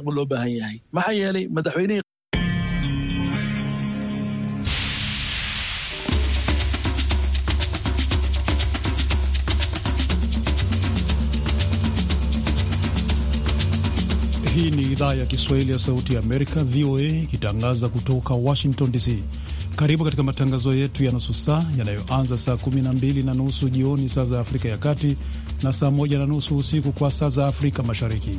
loo baahan yahay maxaa yeelay madaxweynihii Hii ni idhaa ya Kiswahili ya Sauti ya Amerika, VOA, ikitangaza kutoka Washington DC. Karibu katika matangazo yetu ya nusu saa yanayoanza saa 12 na nusu jioni saa za Afrika ya Kati na saa 1 na nusu usiku kwa saa za Afrika Mashariki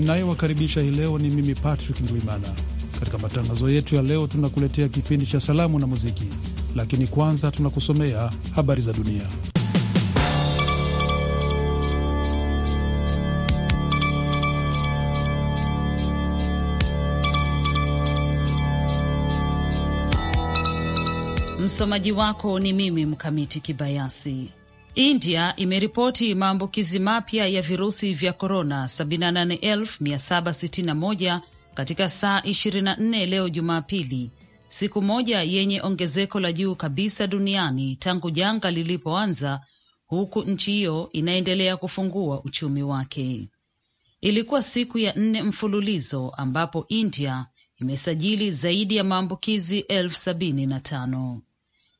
ninayewakaribisha hii leo ni mimi Patrick Ndwimana. Katika matangazo yetu ya leo, tunakuletea kipindi cha salamu na muziki, lakini kwanza tunakusomea habari za dunia. Msomaji wako ni mimi Mkamiti Kibayasi. India imeripoti maambukizi mapya ya virusi vya korona 78761 katika saa 24 leo Jumapili, siku moja yenye ongezeko la juu kabisa duniani tangu janga lilipoanza, huku nchi hiyo inaendelea kufungua uchumi wake. Ilikuwa siku ya nne mfululizo ambapo India imesajili zaidi ya maambukizi elfu sabini na tano.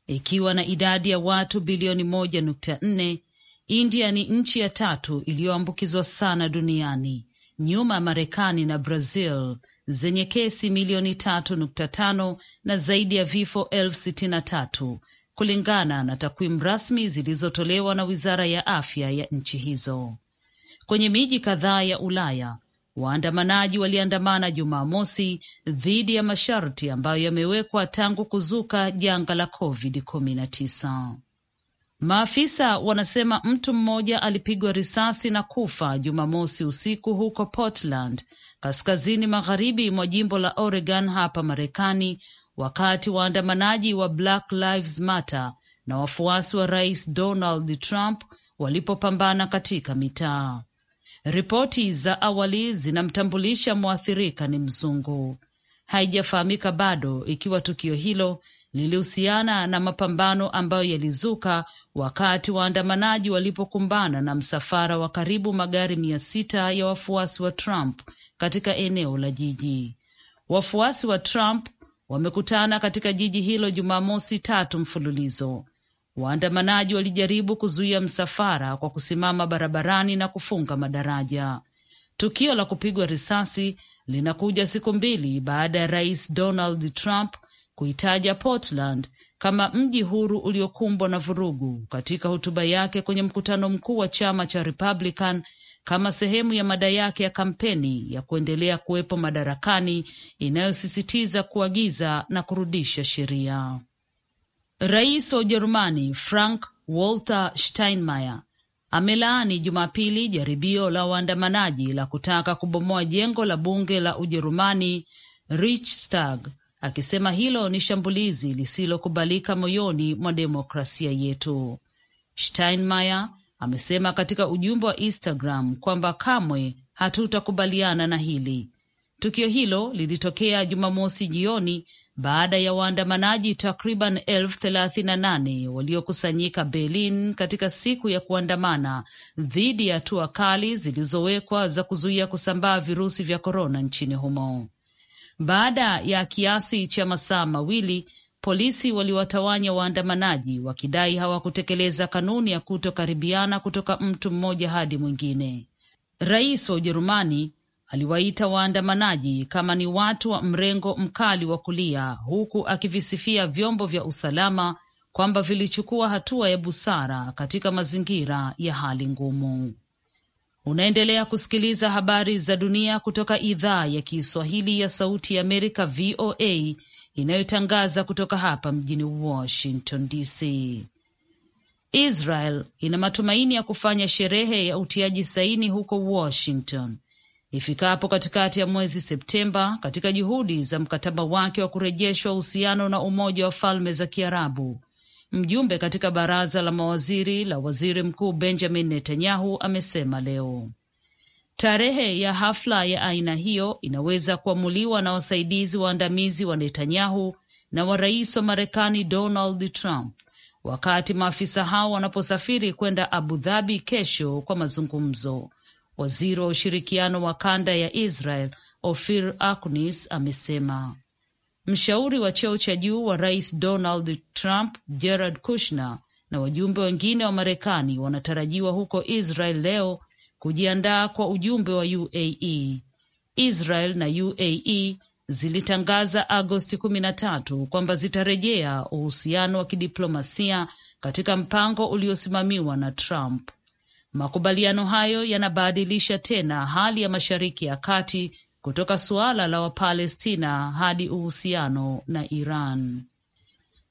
Ikiwa na idadi ya watu bilioni moja nukta nne, India ni nchi ya tatu iliyoambukizwa sana duniani nyuma ya Marekani na Brazil zenye kesi milioni tatu nukta tano na zaidi ya vifo elfu sitini na tatu kulingana na takwimu rasmi zilizotolewa na wizara ya afya ya nchi hizo. Kwenye miji kadhaa ya Ulaya Waandamanaji waliandamana Jumamosi dhidi ya masharti ambayo yamewekwa tangu kuzuka janga la COVID-19. Maafisa wanasema mtu mmoja alipigwa risasi na kufa Jumamosi usiku huko Portland, kaskazini magharibi mwa jimbo la Oregon hapa Marekani, wakati waandamanaji wa Black Lives Matter na wafuasi wa Rais Donald Trump walipopambana katika mitaa. Ripoti za awali zinamtambulisha mwathirika ni mzungu. Haijafahamika bado ikiwa tukio hilo lilihusiana na mapambano ambayo yalizuka wakati waandamanaji walipokumbana na msafara wa karibu magari mia sita ya wafuasi wa Trump katika eneo la jiji. Wafuasi wa Trump wamekutana katika jiji hilo Jumamosi tatu mfululizo Waandamanaji walijaribu kuzuia msafara kwa kusimama barabarani na kufunga madaraja. Tukio la kupigwa risasi linakuja siku mbili baada ya rais Donald Trump kuitaja Portland kama mji huru uliokumbwa na vurugu katika hotuba yake kwenye mkutano mkuu wa chama cha Republican kama sehemu ya mada yake ya kampeni ya kuendelea kuwepo madarakani inayosisitiza kuagiza na kurudisha sheria. Rais wa Ujerumani Frank Walter Steinmeier amelaani Jumapili jaribio la waandamanaji la kutaka kubomoa jengo la bunge la Ujerumani Reichstag, akisema hilo ni shambulizi lisilokubalika moyoni mwa demokrasia yetu. Steinmeier amesema katika ujumbe wa Instagram kwamba kamwe hatutakubaliana na hili. Tukio hilo lilitokea Jumamosi jioni baada ya waandamanaji takriban elfu thelathini na nane waliokusanyika Berlin katika siku ya kuandamana dhidi ya hatua kali zilizowekwa za kuzuia kusambaa virusi vya korona nchini humo. Baada ya kiasi cha masaa mawili, polisi waliwatawanya waandamanaji wakidai hawakutekeleza kanuni ya kutokaribiana kutoka mtu mmoja hadi mwingine. Rais wa Ujerumani aliwaita waandamanaji kama ni watu wa mrengo mkali wa kulia huku akivisifia vyombo vya usalama kwamba vilichukua hatua ya busara katika mazingira ya hali ngumu. Unaendelea kusikiliza habari za dunia kutoka idhaa ya Kiswahili ya Sauti ya Amerika, VOA, inayotangaza kutoka hapa mjini Washington DC. Israel ina matumaini ya kufanya sherehe ya utiaji saini huko Washington ifikapo katikati ya mwezi Septemba katika juhudi za mkataba wake wa kurejeshwa uhusiano na Umoja wa Falme za Kiarabu. Mjumbe katika baraza la mawaziri la waziri mkuu Benjamin Netanyahu amesema leo tarehe ya hafla ya aina hiyo inaweza kuamuliwa na wasaidizi waandamizi wa Netanyahu na wa rais wa Marekani Donald Trump wakati maafisa hao wanaposafiri kwenda Abu Dhabi kesho kwa mazungumzo Waziri wa ushirikiano wa kanda ya Israel Ofir Akunis amesema mshauri wa cheo cha juu wa rais Donald Trump Jared Kushner na wajumbe wengine wa Marekani wanatarajiwa huko Israel leo kujiandaa kwa ujumbe wa UAE. Israel na UAE zilitangaza Agosti kumi na tatu kwamba zitarejea uhusiano wa kidiplomasia katika mpango uliosimamiwa na Trump. Makubaliano hayo yanabadilisha tena hali ya Mashariki ya Kati kutoka suala la Wapalestina hadi uhusiano na Iran.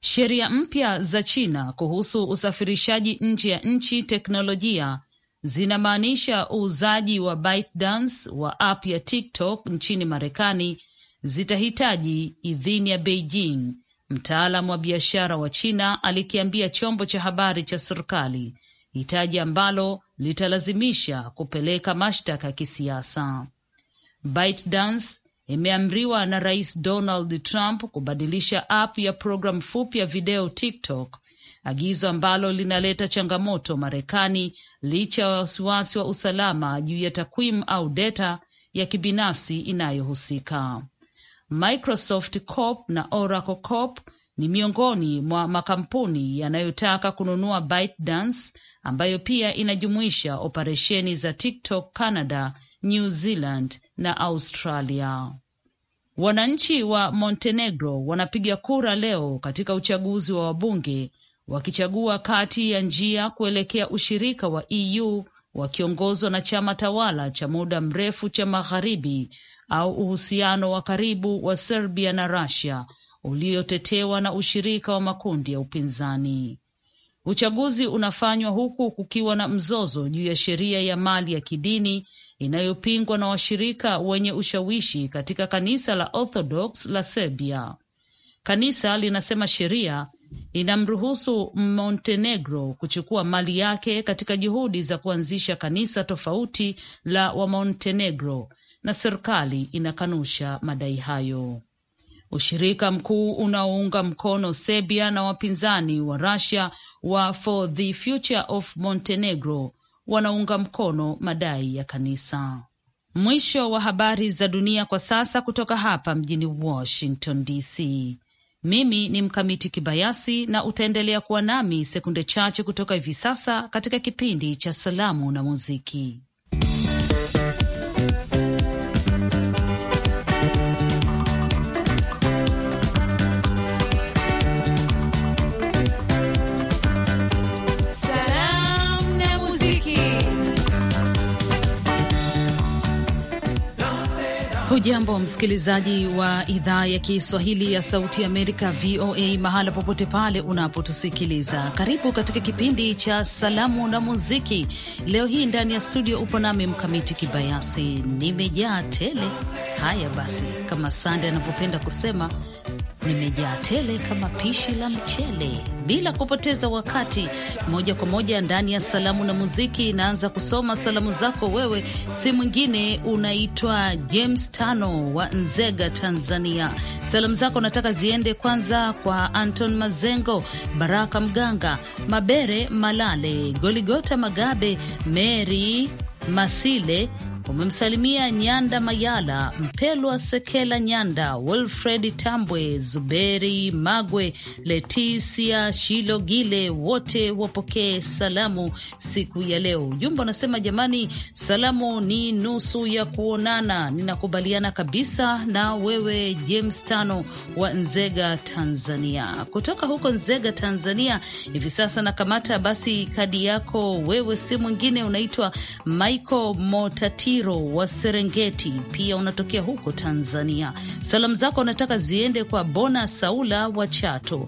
Sheria mpya za China kuhusu usafirishaji nje ya nchi teknolojia zinamaanisha uuzaji wa ByteDance wa app ya TikTok nchini Marekani zitahitaji idhini ya Beijing. Mtaalamu wa biashara wa China alikiambia chombo cha habari cha serikali hitaji ambalo litalazimisha kupeleka mashtaka ya kisiasa. ByteDance imeamriwa na Rais Donald Trump kubadilisha app ya programu fupi ya video TikTok, agizo ambalo linaleta changamoto Marekani licha ya wasiwasi wa usalama juu ya takwimu au data ya kibinafsi inayohusika. Microsoft Corp na Oracle Corp ni miongoni mwa makampuni yanayotaka kununua ByteDance ambayo pia inajumuisha operesheni za TikTok Canada, New Zealand na Australia. Wananchi wa Montenegro wanapiga kura leo katika uchaguzi wa wabunge wakichagua kati ya njia kuelekea ushirika wa EU wakiongozwa na chama tawala cha muda mrefu cha Magharibi au uhusiano wa karibu wa Serbia na Russia uliotetewa na ushirika wa makundi ya upinzani. Uchaguzi unafanywa huku kukiwa na mzozo juu ya sheria ya mali ya kidini inayopingwa na washirika wenye ushawishi katika kanisa la Orthodox la Serbia. Kanisa linasema sheria inamruhusu Montenegro kuchukua mali yake katika juhudi za kuanzisha kanisa tofauti la Wamontenegro, na serikali inakanusha madai hayo ushirika mkuu unaounga mkono Serbia na wapinzani wa Russia wa For the Future of Montenegro wanaunga mkono madai ya kanisa. Mwisho wa habari za dunia kwa sasa kutoka hapa mjini Washington DC. Mimi ni Mkamiti Kibayasi na utaendelea kuwa nami sekunde chache kutoka hivi sasa katika kipindi cha salamu na muziki. Hujambo msikilizaji wa idhaa ya Kiswahili ya Sauti Amerika, VOA, mahala popote pale unapotusikiliza, karibu katika kipindi cha Salamu na Muziki. Leo hii ndani ya studio upo nami Mkamiti Kibayasi, nimejaa tele Haya basi, kama Sande anavyopenda kusema, nimejaa tele kama pishi la mchele. Bila kupoteza wakati, moja kwa moja ndani ya salamu na muziki, naanza kusoma salamu zako. Wewe si mwingine, unaitwa James Tano wa Nzega, Tanzania. Salamu zako nataka ziende kwanza kwa Anton Mazengo, Baraka Mganga, Mabere Malale, Goligota Magabe, Mary Masile umemsalimia Nyanda Mayala, Mpelwa Sekela Nyanda, Wilfred Tambwe, Zuberi Magwe, Letisia Shilogile, wote wapokee salamu siku ya leo. Ujumbe unasema jamani, salamu ni nusu ya kuonana. Ninakubaliana kabisa na wewe James Tano wa Nzega, Tanzania. Kutoka huko Nzega, Tanzania, hivi sasa nakamata basi kadi yako wewe, si mwingine unaitwa Michael Motati Bwiro wa Serengeti pia unatokea huko Tanzania. Salamu zako anataka ziende kwa Bona Saula wa Chato,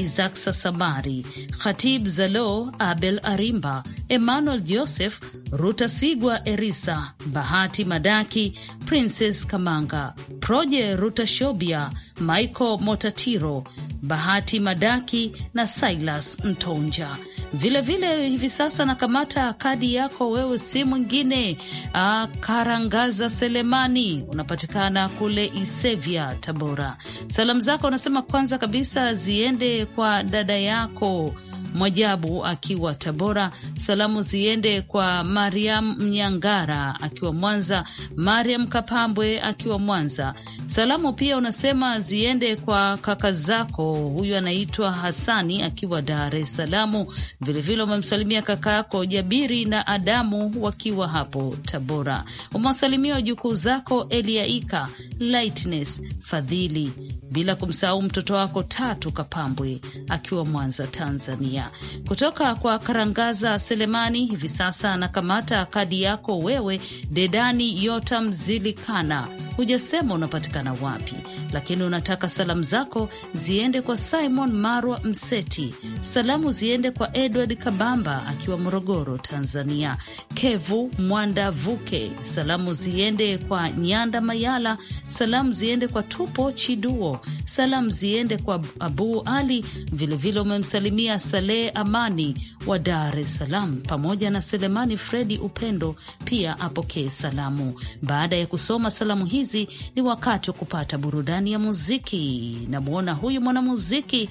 Isaac Sasamari, Khatib Zalo, Abel Arimba, Emmanuel Joseph, Ruta Sigwa, Erisa Bahati Madaki, Princess Kamanga, Proje Rutashobia, Michael Motatiro, Bahati Madaki na Silas Ntonja. Vilevile hivi sasa nakamata kadi yako, wewe si mwingine ah, Karangaza Selemani, unapatikana kule Isevya, Tabora. Salamu zako unasema kwanza kabisa ziende kwa dada yako Mwajabu akiwa Tabora. Salamu ziende kwa Mariam Mnyangara akiwa Mwanza, Mariam Kapambwe akiwa Mwanza. Salamu pia unasema ziende kwa kaka zako, huyu anaitwa Hasani akiwa Dar es Salaam. Vilevile umemsalimia kaka yako Jabiri na Adamu wakiwa hapo Tabora. Umewasalimia wajukuu zako Eliaika, Lightness, Fadhili bila kumsahau mtoto wako Tatu Kapambwe akiwa Mwanza, Tanzania. Kutoka kwa Karangaza Selemani, hivi sasa anakamata kadi yako wewe, Dedani Yota Mzilikana. Hujasema unapatikana wapi, lakini unataka salamu zako ziende kwa Simon Marwa Mseti, salamu ziende kwa Edward Kabamba akiwa Morogoro, Tanzania. Kevu Mwanda Vuke, salamu ziende kwa Nyanda Mayala, salamu ziende kwa Tupo Chiduo Salamu ziende kwa Abu Ali, vilevile umemsalimia Saleh Amani wa Dar es Salaam pamoja na Selemani Fredi Upendo, pia apokee salamu. Baada ya kusoma salamu hizi, ni wakati wa kupata burudani ya muziki. Namwona huyu mwanamuziki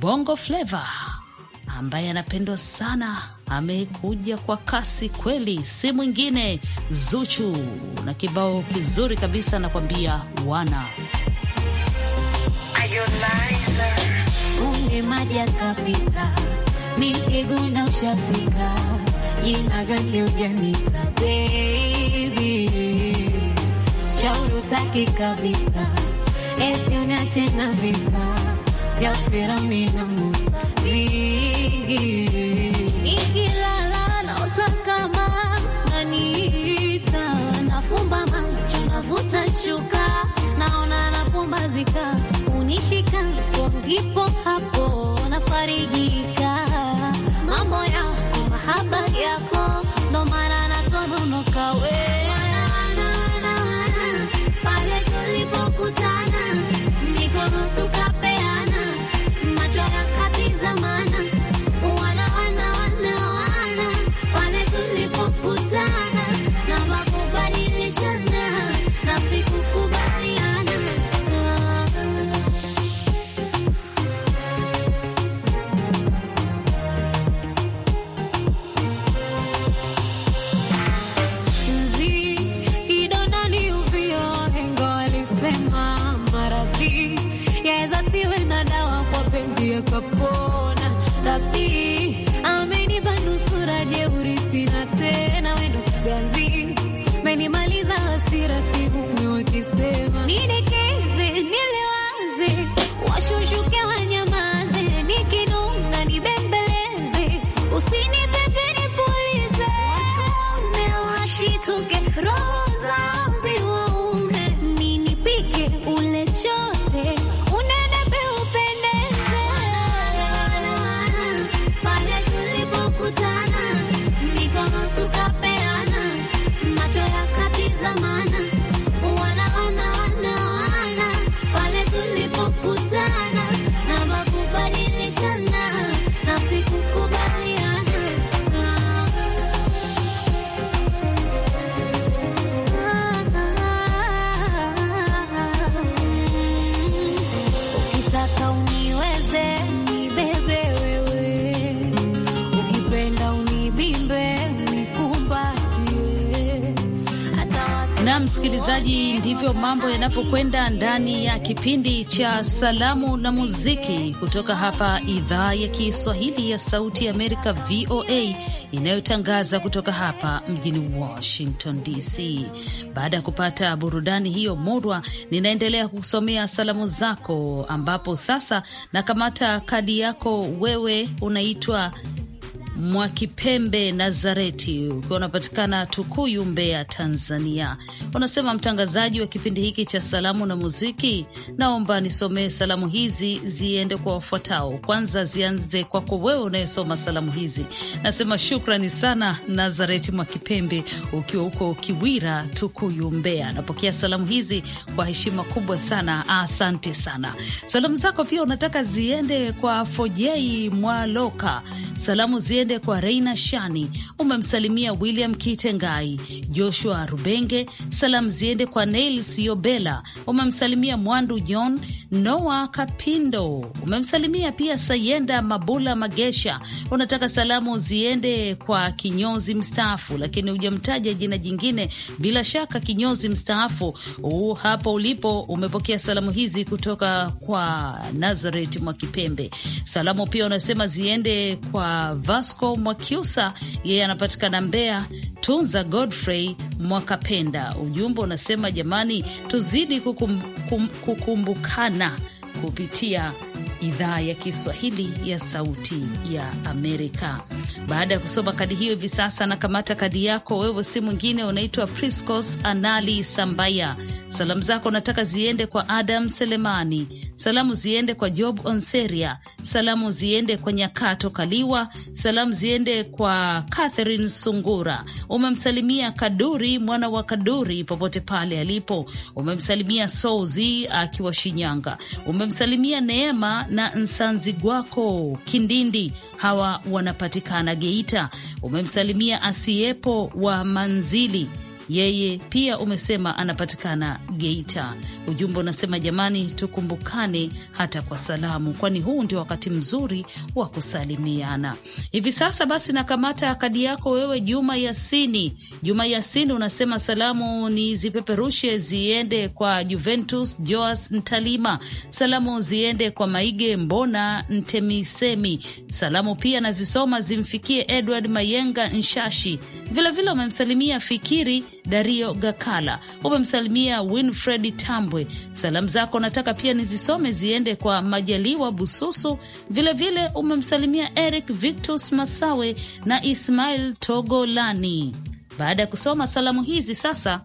Bongo Flava ambaye anapendwa sana, amekuja kwa kasi kweli, si mwingine Zuchu na kibao kizuri kabisa, anakwambia wana Ume maji akapita, mikiguna ushafika, jina gani ujanita kabisa, eti unachena visa vya Firauni na Musa vingi ipo hapo nafariji не урисина msikilizaji, ndivyo mambo yanavyokwenda ndani ya kipindi cha salamu na muziki kutoka hapa idhaa ya Kiswahili ya Sauti ya Amerika, VOA, inayotangaza kutoka hapa mjini Washington DC. Baada ya kupata burudani hiyo murwa, ninaendelea kusomea salamu zako, ambapo sasa nakamata kadi yako. Wewe unaitwa Mwakipembe Nazareti ukiwa unapatikana Tukuyu, Mbeya, Tanzania, unasema mtangazaji wa kipindi hiki cha salamu na muziki, naomba nisomee salamu hizi ziende kwa wafuatao. Kwanza zianze kwako wewe unayesoma salamu hizi. Nasema shukrani sana Nazareti Mwakipembe ukiwa huko Kiwira, Tukuyu, Mbeya. Napokea salamu hizi kwa heshima kubwa sana, asante sana. Salamu zako pia unataka ziende kwa Fojei Mwaloka, salamu ziende uende kwa Reina Shani, umemsalimia William Kitengai, Joshua Rubenge. Salamu ziende kwa Neil Siobela, umemsalimia Mwandu John Noa Kapindo, umemsalimia pia Sayenda Mabula Magesha. Unataka salamu ziende kwa kinyozi mstaafu, lakini hujamtaja jina jingine. Bila shaka kinyozi mstaafu uh, hapo ulipo umepokea salamu hizi kutoka kwa Nazareth Mwakipembe. Salamu pia unasema ziende kwa Vasco Pasco Mwakiusa, yeye anapatikana Mbeya. Tunza Godfrey Mwakapenda, ujumbe unasema jamani, tuzidi kukum, kum, kukumbukana kupitia idhaa ya Kiswahili ya Sauti ya Amerika. Baada ya kusoma kadi hiyo, hivi sasa anakamata kadi yako. Wewe si mwingine, unaitwa Priscos Anali Sambaya Salamu zako nataka ziende kwa Adam Selemani, salamu ziende kwa Job Onseria, salamu ziende kwa Nyakato Kaliwa, salamu ziende kwa Catherine Sungura. Umemsalimia Kaduri mwana wa Kaduri popote pale alipo. Umemsalimia Souzi akiwa Shinyanga. Umemsalimia Neema na Nsanzi Gwako Kindindi, hawa wanapatikana Geita. Umemsalimia Asiepo wa Manzili yeye pia umesema anapatikana Geita. Ujumbe unasema jamani, tukumbukane hata kwa salamu, kwani huu ndio wakati mzuri wa kusalimiana hivi sasa. Basi nakamata kadi yako wewe, Juma Yasini. Juma Yasini unasema salamu ni zipeperushe ziende kwa Juventus Joas Ntalima, salamu ziende kwa Maige Mbona Ntemisemi, salamu pia nazisoma zimfikie Edward Mayenga Nshashi, vilevile umemsalimia Fikiri Dario Gakala, umemsalimia Winfred Tambwe. Salamu zako nataka pia nizisome ziende kwa Majaliwa Bususu, vilevile umemsalimia Eric Victus Masawe na Ismail Togolani. Baada ya kusoma salamu hizi sasa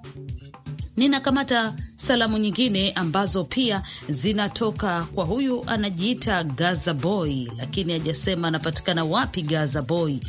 ninakamata salamu nyingine ambazo pia zinatoka kwa huyu anajiita Gaza Boy, lakini hajasema anapatikana wapi Gaza Boy.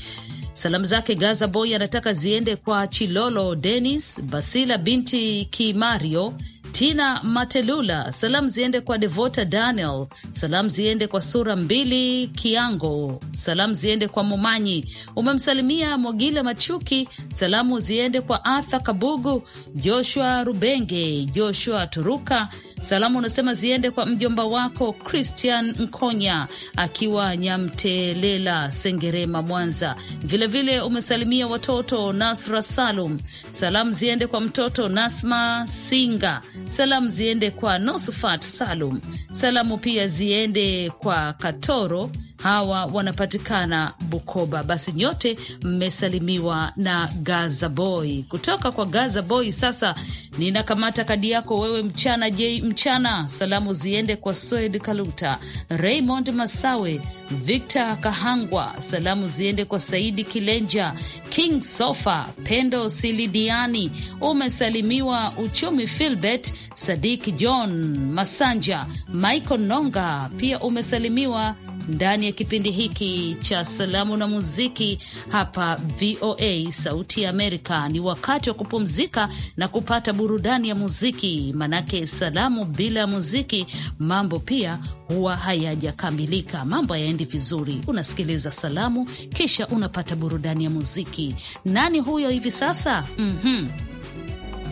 Salamu zake Gaza Boy anataka ziende kwa Chilolo Denis Basila binti Kimario Tina Matelula, salamu ziende kwa Devota Daniel, salamu ziende kwa Sura Mbili Kiango, salamu ziende kwa Momanyi, umemsalimia Mwagila Machuki, salamu ziende kwa Arthur Kabugu, Joshua Rubenge, Joshua Turuka Salamu unasema ziende kwa mjomba wako Christian Nkonya akiwa Nyamtelela, Sengerema, Mwanza. Vilevile vile umesalimia watoto Nasra Salum. Salamu ziende kwa mtoto Nasma Singa. Salamu ziende kwa Nosfat Salum. Salamu pia ziende kwa Katoro hawa wanapatikana Bukoba. Basi nyote mmesalimiwa na Gaza Boy kutoka kwa Gaza Boy. Sasa ninakamata kadi yako wewe, mchana J mchana. Salamu ziende kwa Swed Kaluta, Raymond Masawe, Victor Kahangwa. Salamu ziende kwa Saidi Kilenja, King Sofa, Pendo Silidiani. Umesalimiwa Uchumi Filbert, sadik John Masanja, Michael Nonga. Pia umesalimiwa ndani ya kipindi hiki cha salamu na muziki hapa VOA Sauti ya Amerika. Ni wakati wa kupumzika na kupata burudani ya muziki, manake salamu bila ya muziki mambo pia huwa hayajakamilika, mambo hayaendi vizuri. Unasikiliza salamu kisha unapata burudani ya muziki. Nani huyo hivi sasa? mm -hmm.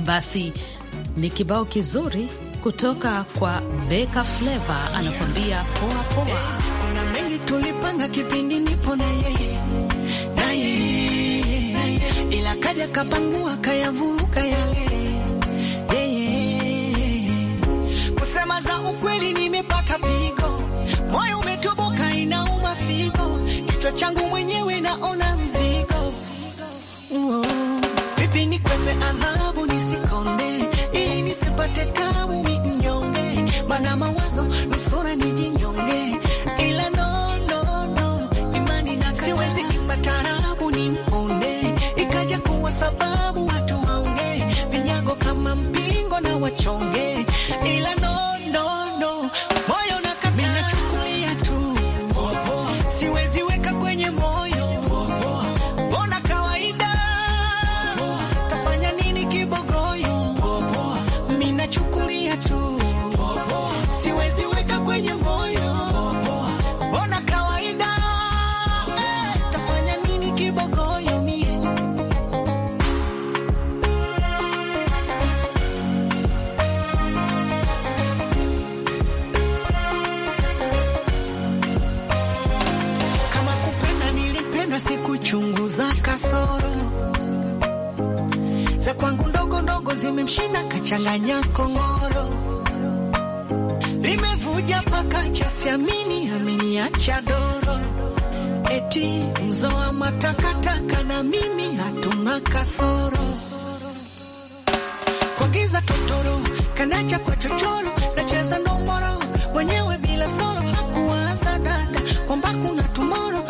Basi ni kibao kizuri kutoka kwa Beka Fleva anakuambia poa poa. Alipanga kipindi nipo na yeye na yeye, ila kaja kapangua kayavuka yale yeye. Kusema za ukweli, nimepata pigo, moyo umetoboka, inauma figo, kichwa changu mwenyewe naona mzigo. Vipi nikwepe adhabu nisikonde, ili nisipate tabu wachonge, ila no, no, changanya kongoro limevuja paka chasiamini ameniacha doro eti mzoa matakataka na mimi hatuna kasoro kwa giza totoro kanacha kwa chochoro nacheza ndomboro mwenyewe bila solo hakuwaza dada kwamba kuna tumoro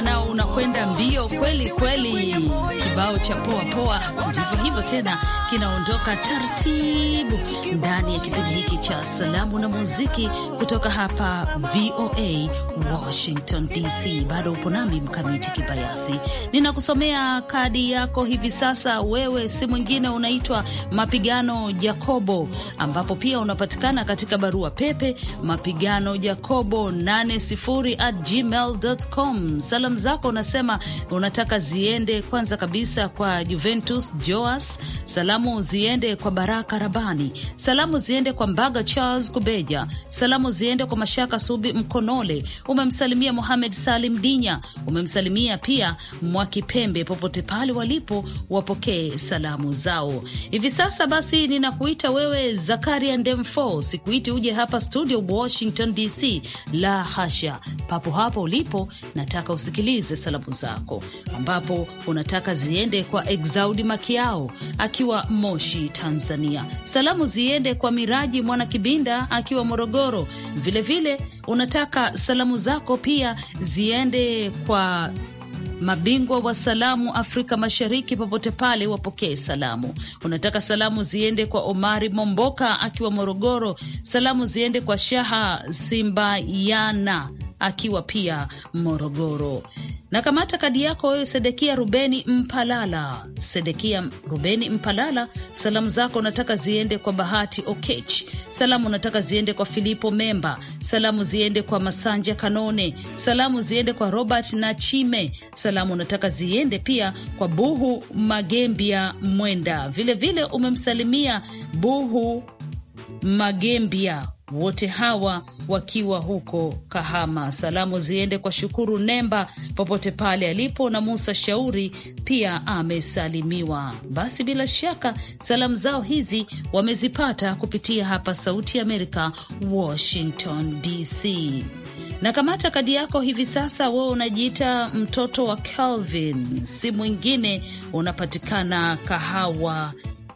nao unakwenda mbio kweli kweli kibao cha poa poa ndivyo hivyo tena, kinaondoka taratibu ndani ya kipindi hiki cha salamu na muziki kutoka hapa VOA Washington DC. Bado upo nami Mkamiti Kibayasi, ninakusomea kadi yako hivi sasa. Wewe si mwingine, unaitwa Mapigano Jakobo, ambapo pia unapatikana katika barua pepe mapigano jakobo 80 at gmail.com. Salamu zako unasema unataka ziende kwanza kabisa kabisa kwa Juventus Joas, salamu ziende kwa Baraka Rabani, salamu ziende kwa Mbaga Charles Kubeja, salamu ziende kwa Mashaka Subi Mkonole, umemsalimia Muhamed Salim Dinya, umemsalimia pia Mwakipembe, popote pale walipo wapokee salamu zao hivi sasa. Basi ninakuita wewe Zakaria Ndemfo, sikuiti uje hapa studio Washington DC, la hasha, papo hapo ulipo nataka usikilize salamu zako ambapo unataka zi ziende kwa Exaudi Makiao akiwa Moshi, Tanzania. Salamu ziende kwa Miraji Mwana Kibinda akiwa Morogoro. Vilevile vile, unataka salamu zako pia ziende kwa mabingwa wa salamu Afrika Mashariki, popote pale wapokee salamu. Unataka salamu ziende kwa Omari Momboka akiwa Morogoro. Salamu ziende kwa Shaha Simbayana akiwa pia Morogoro. Na kamata kadi yako wewe, Sedekia Rubeni Mpalala. Sedekia Rubeni Mpalala, salamu zako nataka ziende kwa Bahati Okech, salamu nataka ziende kwa Filipo Memba, salamu ziende kwa Masanja Kanone, salamu ziende kwa Robert Nachime, salamu nataka ziende pia kwa Buhu Magembia Mwenda, vilevile vile umemsalimia Buhu Magembia wote hawa wakiwa huko Kahama. Salamu ziende kwa Shukuru Nemba popote pale alipo, na Musa Shauri pia amesalimiwa. Basi bila shaka salamu zao hizi wamezipata kupitia hapa Sauti ya Amerika, Washington DC. Na kamata kadi yako hivi sasa, wewe unajiita mtoto wa Calvin, si mwingine, unapatikana Kahawa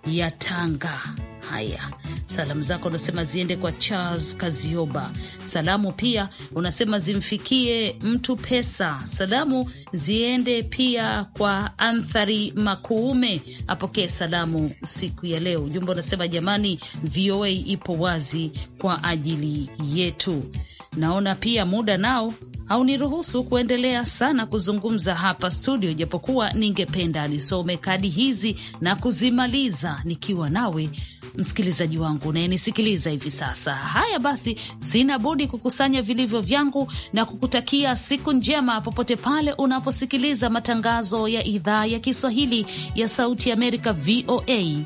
ya Tanga. Haya. Salamu zako unasema ziende kwa Charles Kazioba. Salamu pia unasema zimfikie mtu pesa. Salamu ziende pia kwa Anthari Makuume, apokee salamu siku ya leo. Ujumbe unasema jamani, VOA ipo wazi kwa ajili yetu. Naona pia muda nao hauniruhusu kuendelea sana kuzungumza hapa studio, japokuwa ningependa nisome kadi hizi na kuzimaliza nikiwa nawe msikilizaji wangu unayenisikiliza hivi sasa. Haya basi, sina budi kukusanya vilivyo vyangu na kukutakia siku njema popote pale unaposikiliza matangazo ya idhaa ya Kiswahili ya Sauti ya Amerika, VOA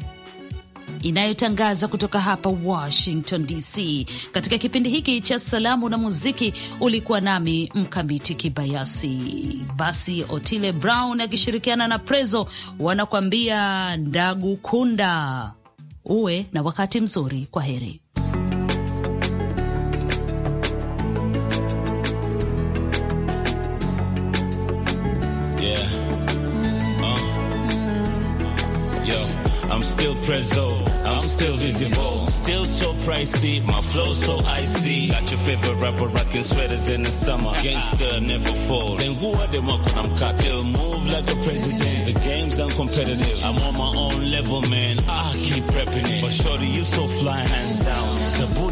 inayotangaza kutoka hapa Washington DC. Katika kipindi hiki cha salamu na muziki ulikuwa nami Mkamiti Kibayasi. Basi Otile Brown akishirikiana na Prezo wanakuambia ndagu kunda, uwe na wakati mzuri. Kwa heri. Yeah. Uh. Yo, I'm still Prezo still visible. Still so pricey, my flow so icy. Got your favorite rapper rocking sweaters in the summer. Gangster never falls. Then who are they when I'm cocktail. Move like a president. The game's uncompetitive. I'm on my own level, man. I keep prepping it. But shorty, you so fly, hands down.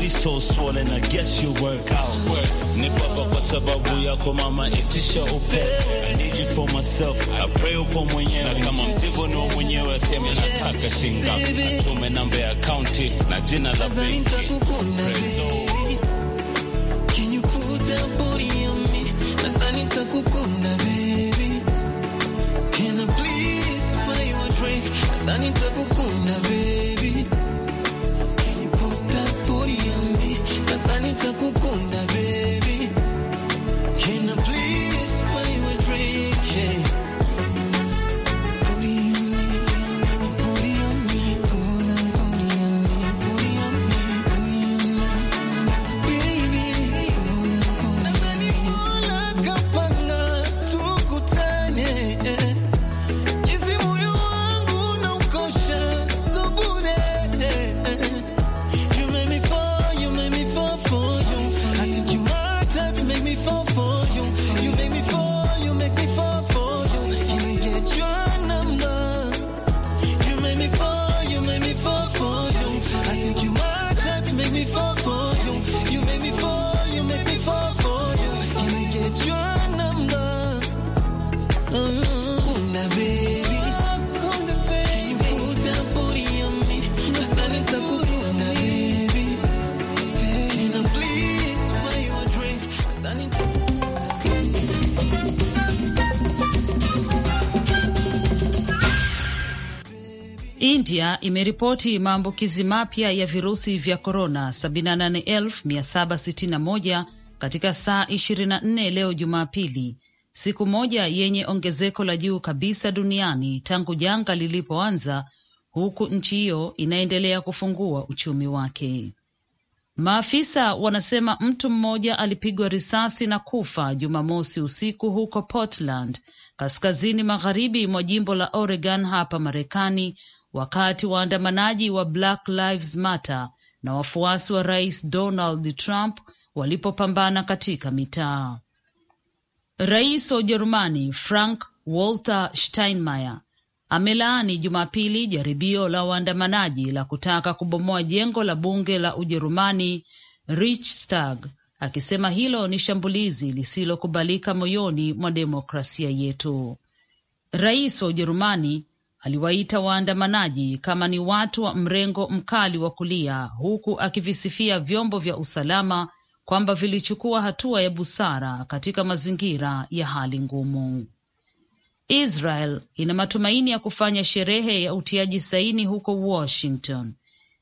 body so swollen, I guess you work out. Nipapa kwa sababu yako mama, itisha upepo. I need you for myself, I pray upo mwenyewe. Na kama mzigo ni mwenyewe, aseme nataka shingapi, natume namba ya akaunti na jina la baby India imeripoti maambukizi mapya ya virusi vya korona 78761 katika saa 24 leo Jumapili, siku moja yenye ongezeko la juu kabisa duniani tangu janga lilipoanza, huku nchi hiyo inaendelea kufungua uchumi wake. Maafisa wanasema mtu mmoja alipigwa risasi na kufa Jumamosi usiku huko Portland, kaskazini magharibi mwa jimbo la Oregon hapa Marekani, wakati waandamanaji wa Black Lives Matter na wafuasi wa Rais Donald Trump walipopambana katika mitaa. Rais wa Ujerumani Frank Walter Steinmeier amelaani Jumapili jaribio la waandamanaji la kutaka kubomoa jengo la bunge la Ujerumani Reichstag, akisema hilo ni shambulizi lisilokubalika moyoni mwa demokrasia yetu. Rais wa Ujerumani aliwaita waandamanaji kama ni watu wa mrengo mkali wa kulia, huku akivisifia vyombo vya usalama kwamba vilichukua hatua ya busara katika mazingira ya hali ngumu. Israel ina matumaini ya kufanya sherehe ya utiaji saini huko Washington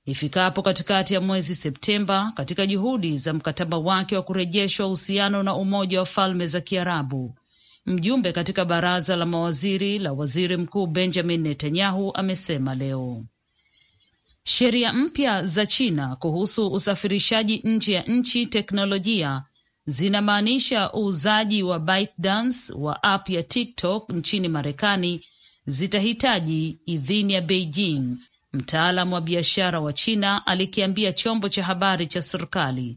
ifikapo katikati ya mwezi Septemba katika juhudi za mkataba wake wa kurejeshwa uhusiano na Umoja wa Falme za Kiarabu mjumbe katika baraza la mawaziri la waziri mkuu Benjamin Netanyahu amesema leo. Sheria mpya za China kuhusu usafirishaji nje ya nchi teknolojia zinamaanisha uuzaji wa ByteDance wa app ya TikTok nchini Marekani zitahitaji idhini ya Beijing. Mtaalam wa biashara wa China alikiambia chombo cha habari cha serikali